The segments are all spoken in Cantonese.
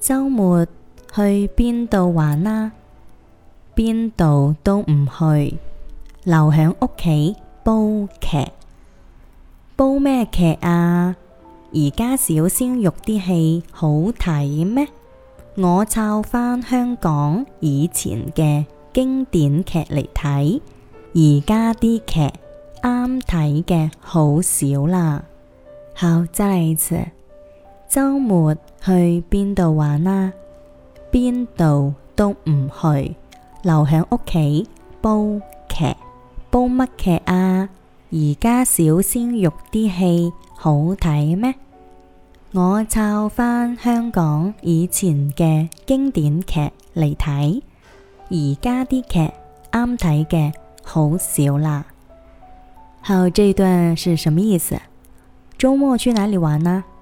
周末去邊度玩啊？邊度都唔去，留響屋企煲劇。煲咩劇啊？而家小鮮肉啲戲好睇咩？我抄翻香港以前嘅經典劇嚟睇，而家啲劇啱睇嘅好少啦。好，真係。周末去邊度玩啊？邊度都唔去，留響屋企煲劇，煲乜劇啊？而家小鮮肉啲戲好睇咩？我抄翻香港以前嘅經典劇嚟睇，而家啲劇啱睇嘅好少啦。好，這段是什麼意思？周末去哪裡玩啊？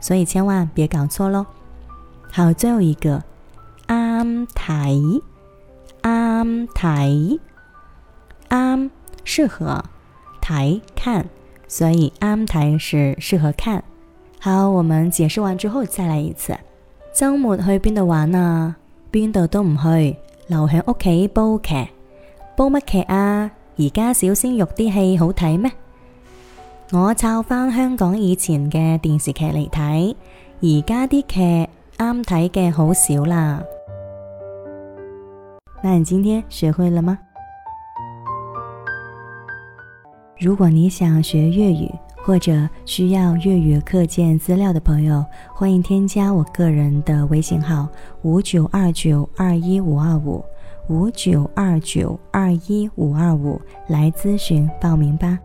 所以千萬別搞錯嘍。好，最後一個，啱睇，啱睇，啱、適合睇看，所以啱睇是適合看。好，我們解釋完之後再來一次。周末去邊度玩啊？邊度都唔去，留響屋企煲劇。煲乜劇啊？而家小鮮肉啲戲好睇咩？我抄返香港以前嘅電視劇嚟睇，而家啲劇啱睇嘅好少啦。那你今天學會了嗎？如果你想學粵語或者需要粵語課件資料的朋友，歡迎添加我個人的微信號，五九二九二一五二五，五九二九二一五二五，來諮詢報名吧。